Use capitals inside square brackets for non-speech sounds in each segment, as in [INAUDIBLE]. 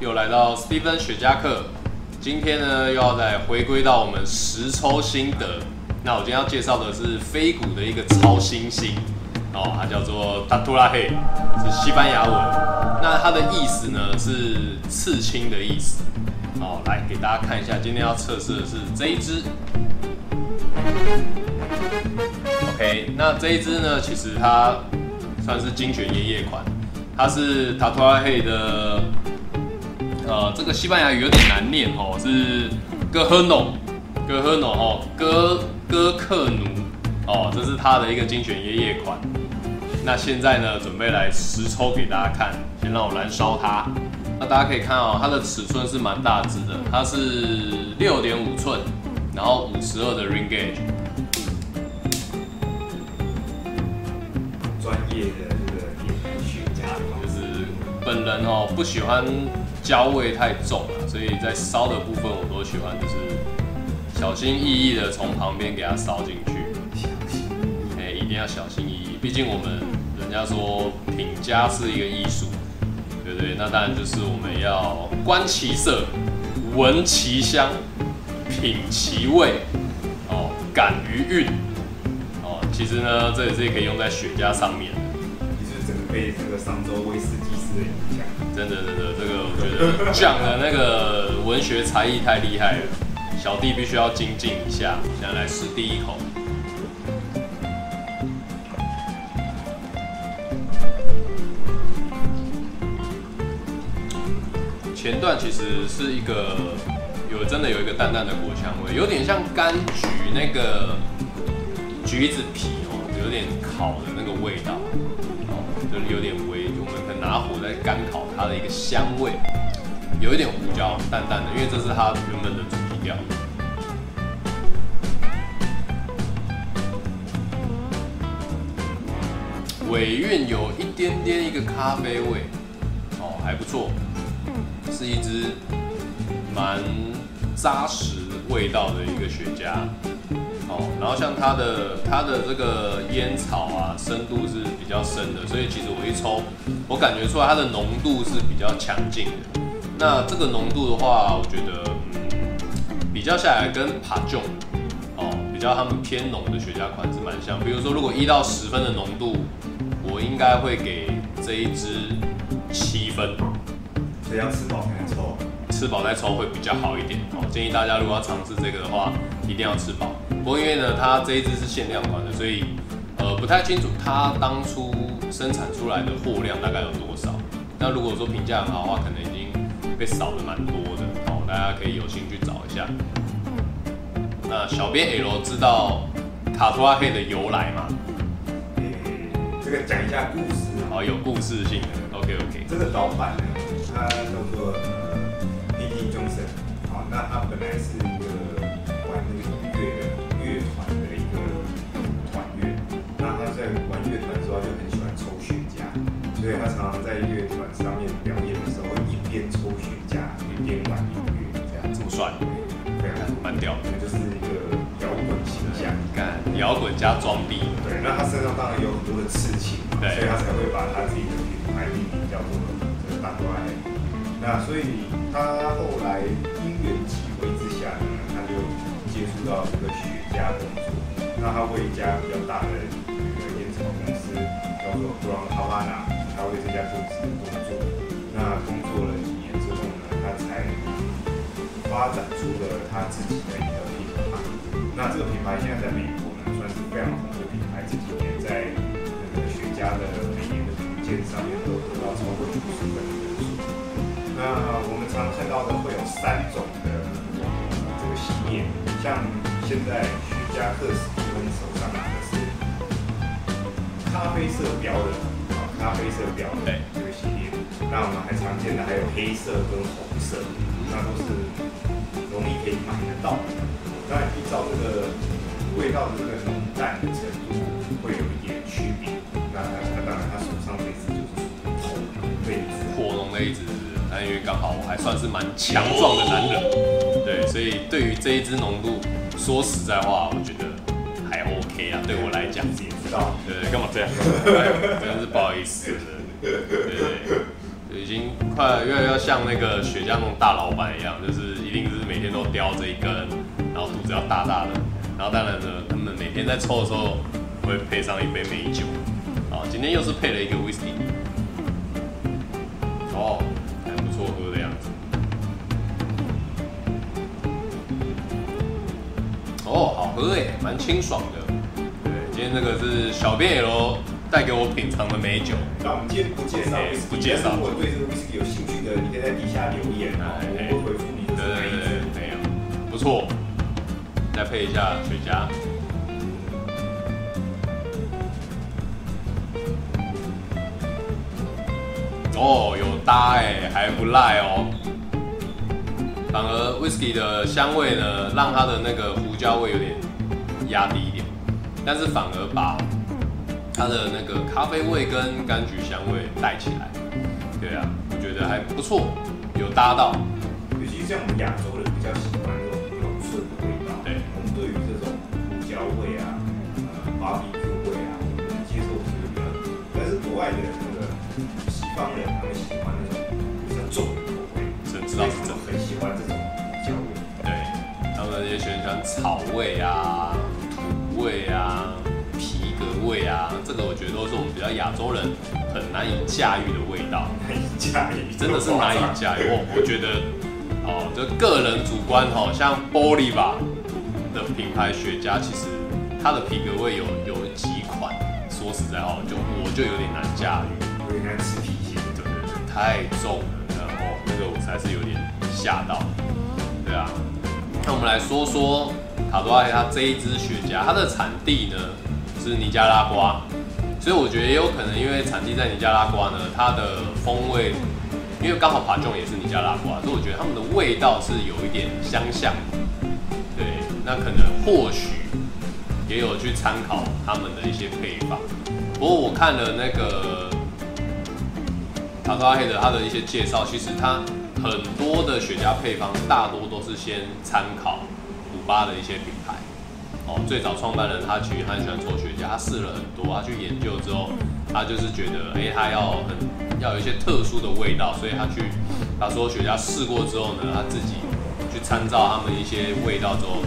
又來到 Steven 雪茄客，今天呢又要再回歸到我們實抽心得。那我今天要介紹的是非古的一個超新星，哦，它叫做 Tatuaje，是西班牙文。那它的意思呢是刺青的意思。哦，來給大家看一下，今天要測試的是這一支。OK，那這一支呢，其實它算是精選煙葉款，它是 Tatuaje 的。呃，這個西班牙語有點難念哦，是 Cojonu Cojonu 哦，哥哥克奴哦，這是他的一個精選夜夜款。那現在呢，準備來實抽給大家看，先讓我燃燒它。大家可以看哦，它的尺寸是蠻大隻的，它是六點五寸，然後五十二的 ring gauge。專業的這個點煙雪茄就是本人哦，不喜歡。焦味太重了，所以在燒的部分我都喜歡，就是小心翼翼的從旁邊給它燒進去。小心哎，欸，一定要小心翼翼。畢竟我們人家說品家是一個藝術，對不對，對？那當然就是我們要觀其色，聞其香，品其味，哦，感於韻。哦，其實呢，這也是可以用在雪茄上面，其實整個被這個上周威士忌師的影響？真的真的，這個我覺得講的那個文學才藝太厲害了，小弟必須要精進一下。現在來試第一口，前段其實是一個有真的有一個淡淡的果香味，有點像柑橘那個橘子皮哦、喔，有點烤的那個味道、喔，就是有點微，我們可以拿火在乾烤。它的一個香味，有一點胡椒，淡淡的，因為這是它原本的主題調。尾韻有一點點一個咖啡味，哦，還不錯，是一支蠻扎實味道的一個雪茄。哦、然後像它的它的這個菸草啊，深度是比較深的，所以其實我一抽，我感覺出來它的濃度是比較強勁的。那這個濃度的話，我覺得嗯，比較下來跟爬 a 哦，比較他們偏濃的雪茄款是蠻像。比如說，如果一到十分的濃度，我應該會給這一支七分。以樣吃飽再抽，吃飽再抽會比較好一點哦。建議大家如果要嘗試這個的話，一定要吃飽。不過因為呢，它這一支是限量款的，所以、呃、不太清楚它當初生產出來的貨量大概有多少。那如果說評價很好的話，可能已經被掃了蠻多的。好、哦，大家可以有興趣找一下。嗯、那小編 L 知道塔圖阿黑的由來嗎？欸、這個講一下故事、啊，好有故事性的、嗯。OK OK。這個老闆呢，他叫做 Pete Johnson 好，那他本來是。加裝逼。對，那他身上當然有很多的刺青嘛，對，所以他才會把他自己的品牌命名叫做這個 Tatuaje。那所以他後來因緣際會之下呢，他就接觸到這個雪茄工作。那他為一家比較大的人一個菸草公司叫做 Brown Havana，他為這家公司工作。那工作了幾年之後呢，他才發展出了他自己的一個品牌。那這個品牌現在在美國。非常紅的品牌，這幾年在那個雪茄的每年的品鑑上面都得到超過五十分的。那我們常看到的會有三種的這個系列，像現在雪茄客 Steven 手上拿的是咖啡色標的啊，咖啡色標的這個系列。那我們還常見的還有黑色跟紅色，那都是容易可以買得到的。那依照這個味道的這、那個。淡的程度會有一點區別。那他他當然他手上這隻就是紅，這隻火龍那一隻，那因為剛好我還算是蠻強壯的男人、哦，對，所以對於這一支濃度，說實在話，我覺得還 OK 啊。對我來講，嗯、也知道？對，幹嘛這樣？ [LAUGHS] 哎、真的是不好意思。 [LAUGHS] 對，已經快，越來越要像那個雪茄那種大老闆一樣，就是一定是每天都叼着一根，然後肚子要大大的，然後當然呢。在抽的時候會配上一杯美酒，啊，今天又是配了一個威士忌哦，還不錯喝的樣子。哦，好喝哎，蠻清爽的對。今天這個是小編嘍帶給我品嘗的美酒。那我們今天不介紹、欸、不介紹，如果對這個威士忌有興趣的，你可以在底下留言哦，欸、我會回復你對，對對對，不錯。再配一下雪茄。哦，有搭哎，欸，還不賴哦。反而 whiskey 的香味呢，讓它的那個胡椒味有點壓低一點，但是反而把它的那個咖啡味跟柑橘香味帶起來。對啊，我覺得還不錯，有搭到。尤其像我們亞洲人比較喜歡這種濃醇的味道，對對，我們對於這種胡椒味啊、呃、巴比 Q 味啊，我們接受不了，但是國外人。他們喜歡那種比較重的口味，所以知道他很喜歡這種、就是、很對，他們也喜歡草味啊、土味啊、皮革味啊。這個我覺得都是我們比較亞洲人很難以駕馭的味道，難以駕馭，真的是難以駕馭。 [LAUGHS] 我覺得哦，就個人主觀，好、哦、像 Bolivar 的品牌雪茄，其實它的皮革味有有幾款，說實在話、哦，就我就有點難駕馭，有點難吃太重了，然後那個我才是有點嚇到，對啊，那我們來說說卡多拉黑他這一支雪茄，它的產地呢是尼加拉瓜，所以我覺得也有可能，因為產地在尼加拉瓜呢，它的風味，因為剛好爬中也是尼加拉瓜，所以我覺得他們的味道是有一點相像，對，那可能或許也有去參考他們的一些配方，不過我看了那個。塔拉黑的他的一些介紹，其實他很多的雪茄配方大多都是先參考古巴的一些品牌。哦，最早創辦人他其實很喜歡抽雪茄，他試了很多，他去研究之後，他就是覺得，哎、欸，他要很要有一些特殊的味道，所以他去他說雪茄試過之後呢，他自己去參照他們一些味道之後，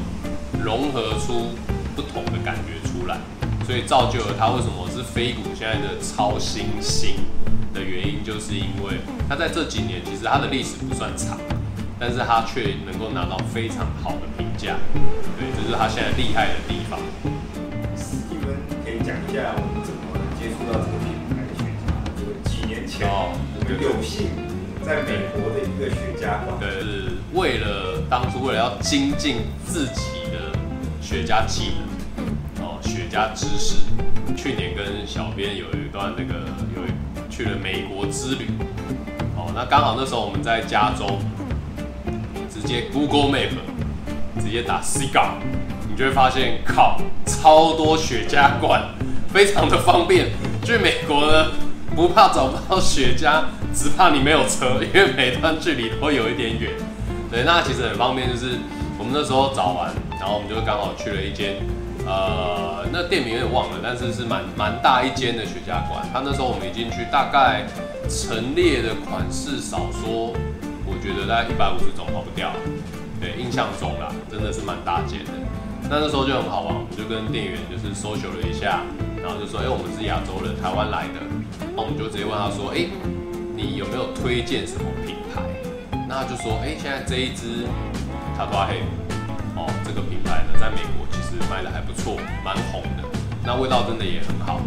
融合出不同的感覺出來，所以造就了他為什麼是飛古現在的超新星，的原因就是因為他在這幾年，其實他的歷史不算長，但是他卻能夠拿到非常好的評價，對，這、就是他現在厲害的地方。史蒂芬可以講一下我們怎麼能接觸到這個品牌的雪茄？就幾年前就，我們有幸在美國的一個雪茄館，對，就是為了當初為了要精進自己的雪茄技能哦，雪茄知識。去年跟小編有一段那個有。去了美國之旅，哦，那剛好那時候我們在加州，直接 Google Map，直接打 cigar，你就會發現靠超多雪茄館，非常的方便。去美國呢，不怕找不到雪茄，只怕你沒有車，因為每段距離都會有一點遠。對，那其實很方便，就是我們那時候找完，然後我們就剛好去了一間。呃，那店名有點忘了，但是是蠻蠻大一間的雪茄館。他那時候我們已經去，大概陳列的款式少說，我覺得大概一百五十種跑不掉了。對，印象中啦，真的是蠻大間的。那那時候就很好玩，我們，就跟店員就是 social 了一下，然後就說：哎、欸，我們是亞洲人，台灣來的。那我們就直接問他說：誒、欸，你有沒有推薦什麼品牌？那他就說：誒、欸，現在這一支 Tatuaje，哦，這個。在美國其實賣的還不錯，蠻紅的。那味道真的也很好，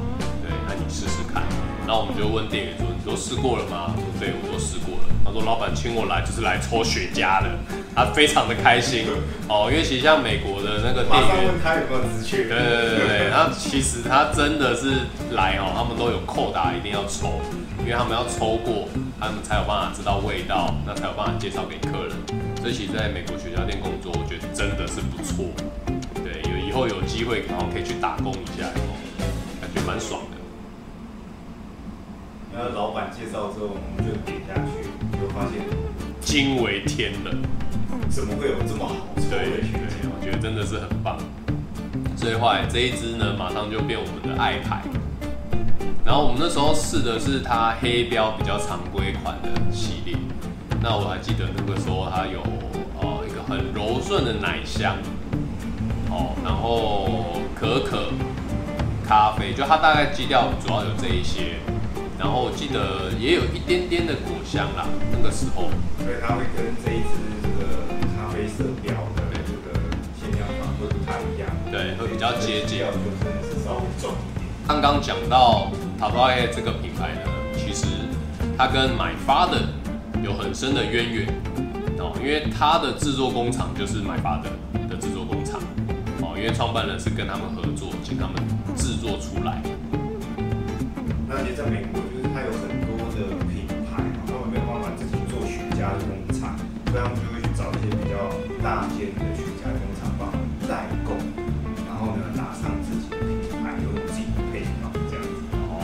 對，那你試試看。然後我們就問店員說：“你都試過了嗎我說？”“對，我都試過了。”他說：“老闆請我來就是來抽雪茄的。”他非常的開心的哦，因為其實像美國的那個店員，他有沒有去？對，對對對對，他其實他真的是來哦，他們都有扣打、啊、一定要抽，因為他們要抽過，他們才有辦法知道味道，那才有辦法介紹給客人。一起在美國雪茄店工作，我覺得真的是不錯。對，有以後有機會，然後可以去打工一下，感覺蠻爽的。然後老板介紹之後，我們就點下去，就發現驚為天人。怎麼會有這麼好？的？對對，我覺得真的是很棒。最壞這一支呢，馬上就變我們的愛牌。然後我們那時候試的是它黑標比較常規款的系列。那我還記得那個時候他，它有呃一個很柔順的奶香，哦，然後可可咖啡，就它大概基調主要有這一些，然後我記得也有一點點的果香啦。那個時候，所以它會跟這一支這個咖啡色標的這個限量版會不太一樣，對，會比較基調本。剛剛講到 Tatuaje 這個品牌呢，其實它跟 My Father 的，有很深的淵源哦，因為他的制作工廠就是買巴的的制作工廠哦，因為創辦人是跟他們合作，請他們制作出來。那其實在美國，就是他有很多的品牌，哦、他們沒有辦法自己做雪茄的工廠，所以他們就會去找一些比較大間的雪茄工廠幫他們代工，然後呢拿上自己的品牌，有自己的配方、哦、這樣子。哦，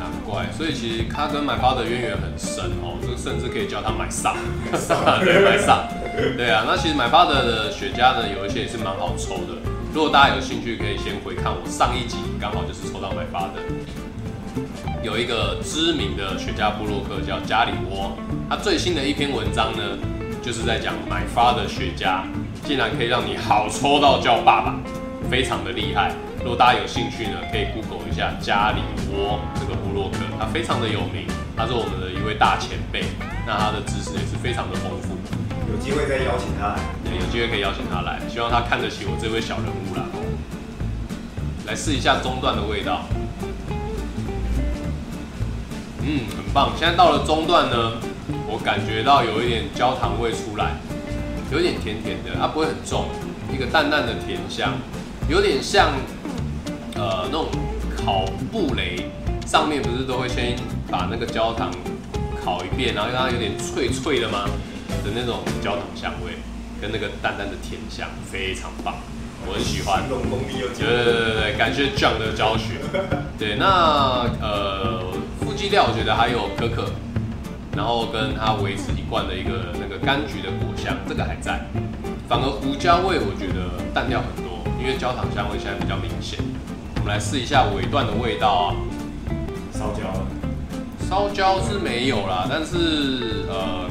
難怪，所以其實他跟買巴的淵源很深哦。甚至可以叫他買上， [LAUGHS] 對，買上，對，買上，對啊。那其實 My Father 的雪茄呢，有一些也是蠻好抽的。如果大家有興趣，可以先回看我上一集，剛好就是抽到 My Father。有一個知名的雪茄部落客叫加里沃，他最新的一篇文章呢，就是在講 My Father 雪茄竟然可以讓你好抽到叫爸爸，非常的厲害。如果大家有興趣呢，可以 Google 一下加里沃這個部落客，他非常的有名。他是我們的一位大前輩，那他的知識也是非常的豐富。有機會可以邀請他來，對，有機會可以邀請他來，希望他看得起我這位小人物啦。來試一下中段的味道，嗯，很棒。現在到了中段呢，我感覺到有一點焦糖味出來，有點甜甜的，它、啊、不會很重，一個淡淡的甜香，有點像呃那種烤布雷，上面不是都會先。把那個焦糖烤一遍，然後讓它有點脆脆的嘛，的那種焦糖香味，跟那個淡淡的甜香非常棒，哦，我很喜歡。焦嗯，對對對，感謝 j 的教學。 [LAUGHS] 對，那呃副基調我覺得還有可可，然後跟它維持一貫的一個那個柑橘的果香，這個還在。反而胡椒味我覺得淡掉很多，因為焦糖香味現在比較明顯。我們來試一下尾段的味道啊，燒焦了。燒焦是沒有啦，但是呃，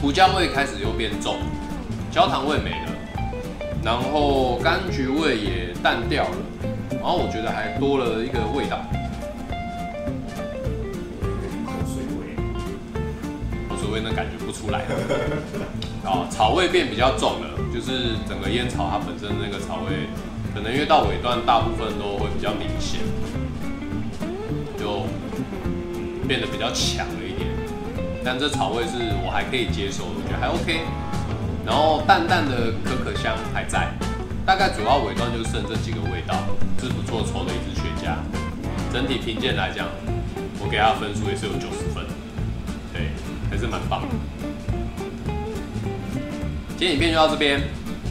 胡椒味開始又變重，焦糖味沒了，然後柑橘味也淡掉了，然後我覺得還多了一個味道，我有水味，水味那感覺不出來了，啊，草味變比較重了，就是整個菸草它本身那個草味，可能因為到尾段大部分都會比較明顯。變得比較強了一點，但這草味是我還可以接受的，我覺得還 OK。然後淡淡的可可香還在，大概主要尾段就是剩這幾個味道，是不錯抽的一支雪茄。整體評鑑來講，我給他的分數也是有九十分，對，還是蠻棒的。今天影片就到這邊。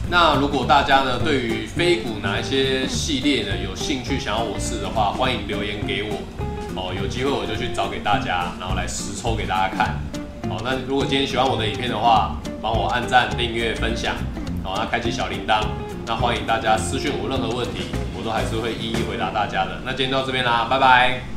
那如果大家呢對於飛谷哪一些系列呢有興趣想要我試的話，歡迎留言給我。有機會我就去找給大家，然後來實抽給大家看。好，那如果今天喜歡我的影片的話，幫我按讚、訂閱、分享，然後開啟小鈴鐺。那歡迎大家私訊我任何問題，我都還是會一一回答大家的。那今天到這邊啦，拜拜。